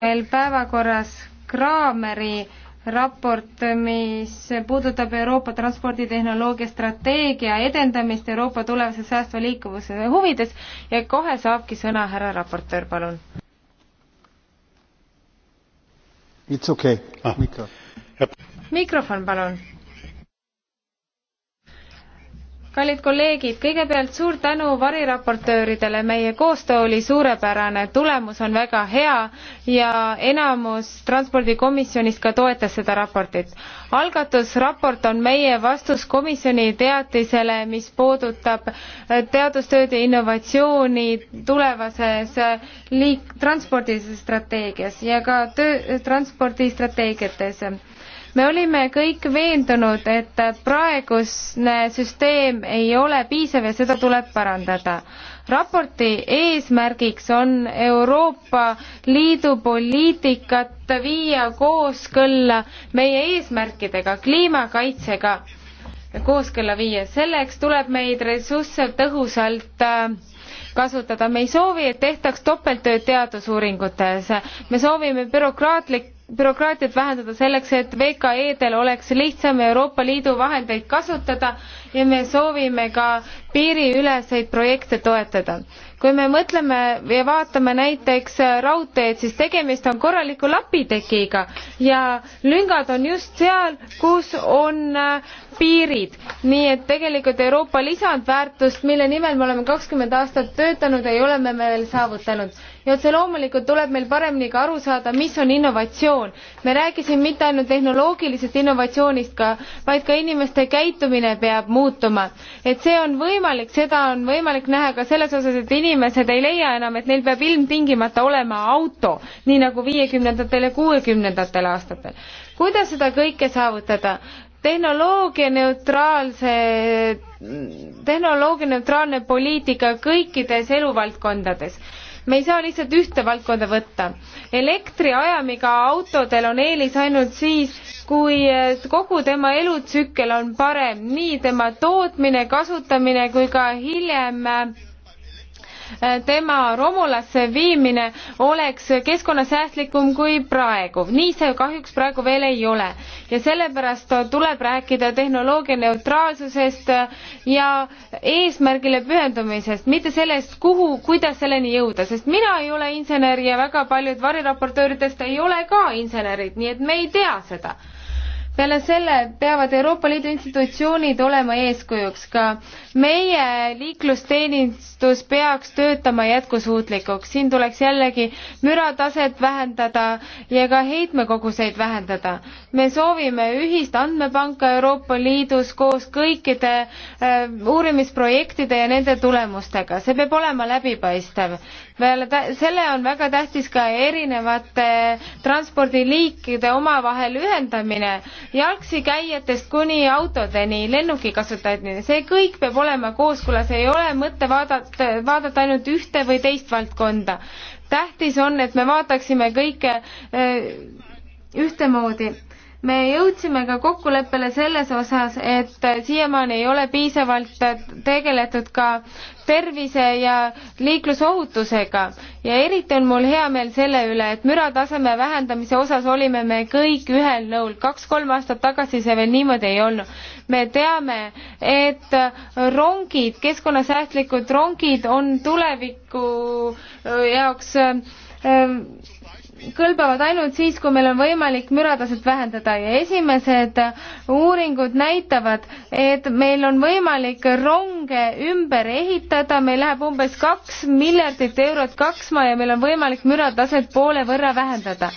meil päevakorras Kraameri raport, mis puudutab Euroopa transporditehnoloogia strateegia edendamist Euroopa tulevase säästva liikuvuse huvides ja kohe saabki sõna härra raportöör, palun. It's okay ah.. mikrofon, palun kallid kolleegid, kõigepealt suur tänu variraportööridele, meie koostöö oli suurepärane, tulemus on väga hea ja enamus transpordikomisjonist ka toetas seda raportit. algatusraport on meie vastus komisjoni teatisele, mis puudutab äh, teadustööd ja innovatsiooni tulevases äh, liik-, transpordistrateegias ja ka töö, transpordistrateegiates me olime kõik veendunud, et praegune süsteem ei ole piisav ja seda tuleb parandada. raporti eesmärgiks on Euroopa Liidu poliitikat viia kooskõlla meie eesmärkidega, kliimakaitsega kooskõlla viia. selleks tuleb meid ressursse tõhusalt äh, kasutada, me ei soovi, et tehtaks topelttööd teadusuuringutes. me soovime bürokraatlik bürokraatiat vähendada selleks, et VKE-del oleks lihtsam Euroopa Liidu vahendeid kasutada ja me soovime ka piiriüleseid projekte toetada. kui me mõtleme ja vaatame näiteks raudteed, siis tegemist on korraliku lapitekiga ja lüngad on just seal, kus on äh, piirid. nii et tegelikult Euroopa lisandväärtust, mille nimel me oleme kakskümmend aastat töötanud, ei ole me veel saavutanud ja otse loomulikult tuleb meil paremini ka aru saada, mis on innovatsioon. me rääkisime mitte ainult tehnoloogilisest innovatsioonist ka, vaid ka inimeste käitumine peab muutuma. et see on võimalik, seda on võimalik näha ka selles osas, et inimesed ei leia enam, et neil peab ilmtingimata olema auto, nii nagu viiekümnendatel ja kuuekümnendatel aastatel. kuidas seda kõike saavutada? tehnoloogianeutraalse, tehnoloogianeutraalne poliitika kõikides eluvaldkondades me ei saa lihtsalt ühte valdkonda võtta. elektriajamiga autodel on eelis ainult siis, kui eh, kogu tema elutsükkel on parem, nii tema tootmine, kasutamine kui ka hiljem äh, Äh, tema romulasse viimine oleks keskkonnasäästlikum kui praegu. nii see kahjuks praegu veel ei ole ja sellepärast tuleb rääkida tehnoloogia neutraalsusest ja eesmärgile pühendumisest, mitte sellest, kuhu, kuidas selleni jõuda, sest mina ei ole insener ja väga paljud variraportööridest ei ole ka insenerid, nii et me ei tea seda peale selle peavad Euroopa Liidu institutsioonid olema eeskujuks ka. meie liiklusteenistus peaks töötama jätkusuutlikuks, siin tuleks jällegi mürataset vähendada ja ka heitmekoguseid vähendada. me soovime ühist andmepanka Euroopa Liidus koos kõikide äh, uurimisprojektide ja nende tulemustega, see peab olema läbipaistev peale tä-, selle on väga tähtis ka erinevate transpordiliikide omavahel ühendamine jalgsi käijatest kuni autodeni, lennuki kasutajateni, see kõik peab olema kooskõlas, ei ole mõte vaadata, vaadata ainult ühte või teist valdkonda. tähtis on, et me vaataksime kõike eh, ühtemoodi me jõudsime ka kokkuleppele selles osas, et siiamaani ei ole piisavalt tegeletud ka tervise ja liiklusohutusega ja eriti on mul hea meel selle üle, et mürataseme vähendamise osas olime me kõik ühel nõul, kaks-kolm aastat tagasi see veel niimoodi ei olnud. me teame, et rongid, keskkonnasäästlikud rongid on tuleviku jaoks ähm, kõlbavad ainult siis, kui meil on võimalik mürataset vähendada ja esimesed uuringud näitavad, et meil on võimalik ronge ümber ehitada, meil läheb umbes kaks miljardit eurot kaksma ja meil on võimalik mürataset poole võrra vähendada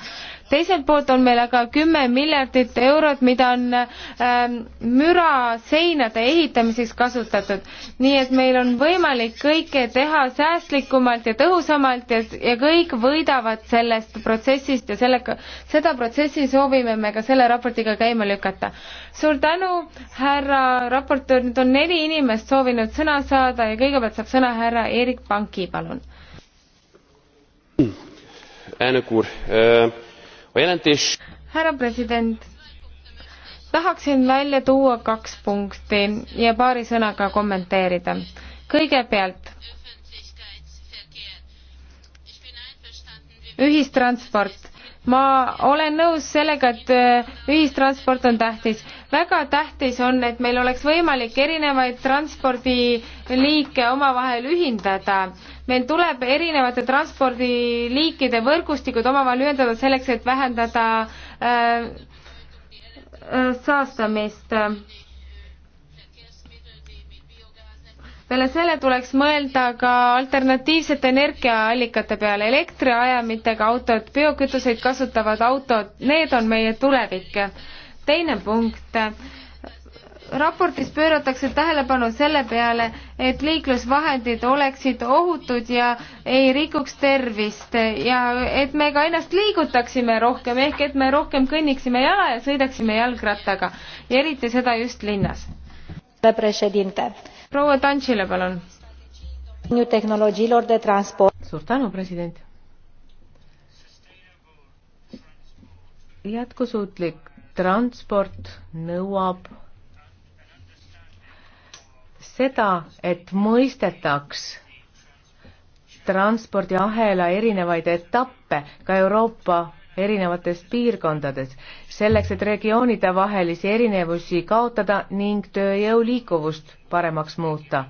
teiselt poolt on meil aga kümme miljardit eurot, mida on ähm, müraseinade ehitamiseks kasutatud. nii et meil on võimalik kõike teha säästlikumalt ja tõhusamalt ja, ja kõik võidavad sellest protsessist ja sellega, seda protsessi soovime me ka selle raportiga käima lükata. suur tänu, härra raportöör, nüüd on neli inimest soovinud sõna saada ja kõigepealt saab sõna härra Erik Panki, palun elnök úr! härra president, tahaksin välja tuua kaks punkti ja paari sõnaga kommenteerida. kõigepealt ühistransport. ma olen nõus sellega, et äh, ühistransport on tähtis. väga tähtis on, et meil oleks võimalik erinevaid transpordiliike omavahel ühindada meil tuleb erinevate transpordiliikide võrgustikud omavahel ühendada selleks, et vähendada äh, äh, saastamist. peale selle tuleks mõelda ka alternatiivsete energiaallikate peale, elektriajamitega autod, biokütuseid kasutavad autod, need on meie tulevik. teine punkt äh,, raportis pööratakse tähelepanu selle peale, et liiklusvahendid oleksid ohutud ja ei rikuks tervist ja et me ka ennast liigutaksime rohkem, ehk et me rohkem kõnniksime jala ja sõidaksime jalgrattaga ja eriti seda just linnas. proua Tantšile, palun. suur tänu, president. jätkusuutlik transport nõuab seda, et mõistetaks transpordiahela erinevaid etappe ka Euroopa erinevates piirkondades, selleks et regioonide vahelisi erinevusi kaotada ning tööjõu liikuvust paremaks muuta,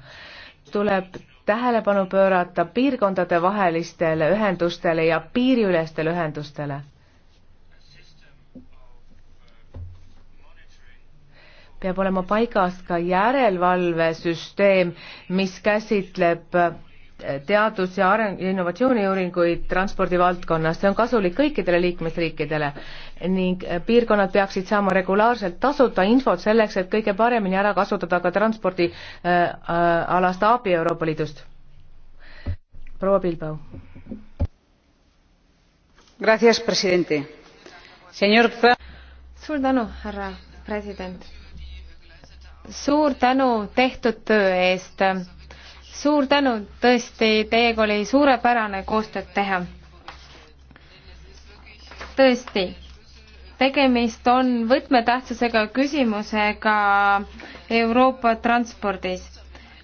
tuleb tähelepanu pöörata piirkondade vahelistele ühendustele ja piiriülestele ühendustele. peab olema paigas ka järelevalvesüsteem, mis käsitleb äh, teadus- ja areng-, innovatsiooniuuringuid transpordivaldkonnas, see on kasulik kõikidele liikmesriikidele ning äh, piirkonnad peaksid saama regulaarselt tasuta infot selleks, et kõige paremini ära kasutada ka transpordialast äh, äh, abi Euroopa Liidust. proua Bilbao. suur tänu, härra president suur tänu tehtud töö eest. suur tänu, tõesti, teiega oli suurepärane koostööd teha. tõesti, tegemist on võtmetähtsusega küsimusega Euroopa transpordis.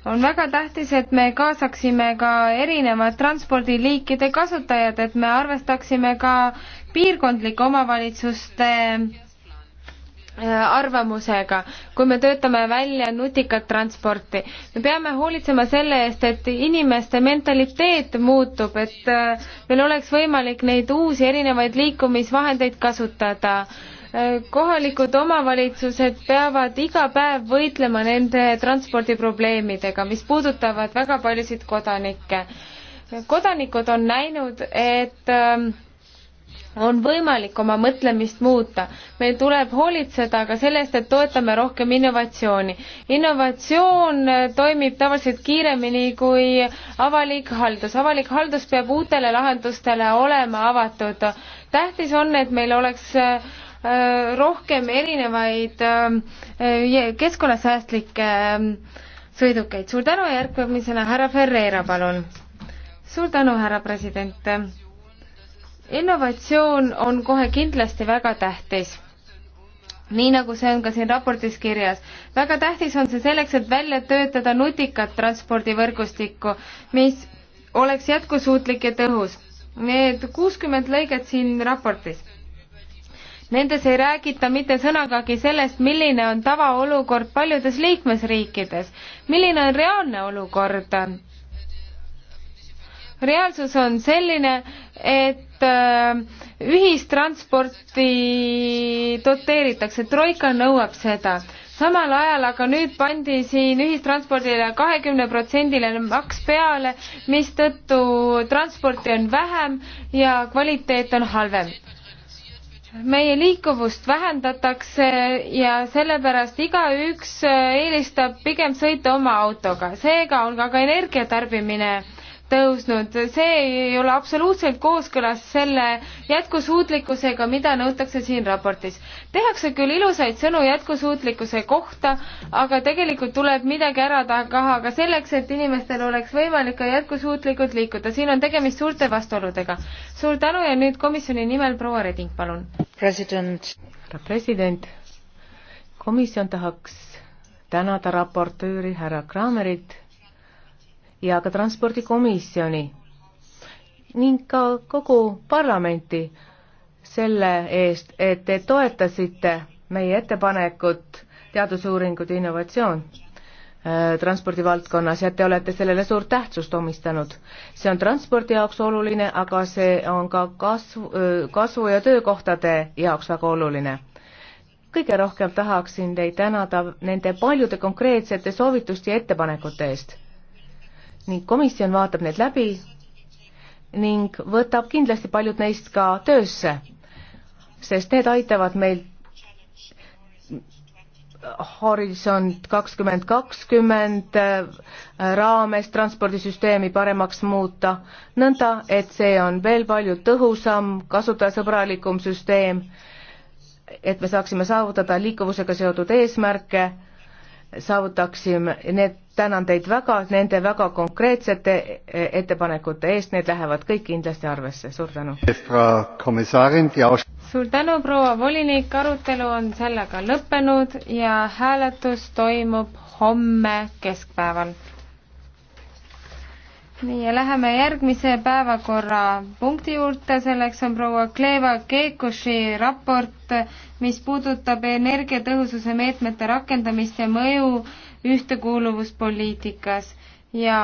on väga tähtis, et me kaasaksime ka erinevad transpordiliikide kasutajad, et me arvestaksime ka piirkondlike omavalitsuste Äh, arvamusega, kui me töötame välja nutikat transporti. me peame hoolitsema selle eest, et inimeste mentaliteet muutub, et äh, meil oleks võimalik neid uusi erinevaid liikumisvahendeid kasutada. Äh, kohalikud omavalitsused peavad iga päev võitlema nende transpordiprobleemidega, mis puudutavad väga paljusid kodanikke. kodanikud on näinud, et on võimalik oma mõtlemist muuta. meil tuleb hoolitseda ka selle eest, et toetame rohkem innovatsiooni. innovatsioon eh, toimib tavaliselt kiiremini kui avalik haldus. avalik haldus peab uutele lahendustele olema avatud. tähtis on, et meil oleks eh, eh, rohkem erinevaid keskkonnasäästlikke sõidukeid. suur tänu ja järgmisena härra Ferreira, palun. suur tänu, härra president innovatsioon on kohe kindlasti väga tähtis nii nagu see on ka siin raportis kirjas. väga tähtis on see selleks, et välja töötada nutikat transpordivõrgustikku, mis oleks jätkusuutlik ja tõhus. Need kuuskümmend lõiget siin raportis. Nendes ei räägita mitte sõnagagi sellest, milline on tavaolukord paljudes liikmesriikides, milline on reaalne olukord. reaalsus on selline, et Äh, ühistransporti doteeritakse, Troika nõuab seda. samal ajal aga nüüd pandi siin ühistranspordile kahekümne protsendile maks peale, mistõttu transporti on vähem ja kvaliteet on halvem meie liikuvust vähendatakse ja sellepärast igaüks äh, eelistab pigem sõita oma autoga, seega on ka, ka energia tarbimine tõusnud, see ei ole absoluutselt kooskõlas selle jätkusuutlikkusega, mida nõutakse siin raportis. tehakse küll ilusaid sõnu jätkusuutlikkuse kohta, aga tegelikult tuleb midagi ära taha ka selleks, et inimestel oleks võimalik ka jätkusuutlikult liikuda. siin on tegemist suurte vastuoludega. suur tänu ja nüüd komisjoni nimel proua Reding, palun. president. härra president, komisjon tahaks tänada raportööri härra Kramerit ja ka Transpordikomisjoni ning ka kogu parlamenti selle eest, et te toetasite meie ettepanekut teadusuuringud ja innovatsioon äh, transpordivaldkonnas ja te olete sellele suurt tähtsust omistanud. see on transpordi jaoks oluline, aga see on ka kasvu, äh, kasvu ja töökohtade jaoks väga oluline. kõige rohkem tahaksin teid tänada nende paljude konkreetsete soovituste ja ettepanekute eest ning komisjon vaatab need läbi ning võtab kindlasti paljud neist ka töösse, sest need aitavad meil Horisont kakskümmend kakskümmend äh, raames transpordisüsteemi paremaks muuta, nõnda et see on veel palju tõhusam, kasutajasõbralikum süsteem, et me saaksime saavutada liikuvusega seotud eesmärke saavutaksime, need, tänan teid väga nende väga konkreetsete e, ettepanekute eest, need lähevad kõik kindlasti arvesse, suur tänu. suur tänu, proua volinik, arutelu on sellega lõppenud ja hääletus toimub homme keskpäeval nii ja läheme järgmise päevakorrapunkti juurde, selleks on proua Kleva Keekuši raport, mis puudutab energiatõhususe meetmete rakendamist ja mõju ühtekuuluvuspoliitikas ja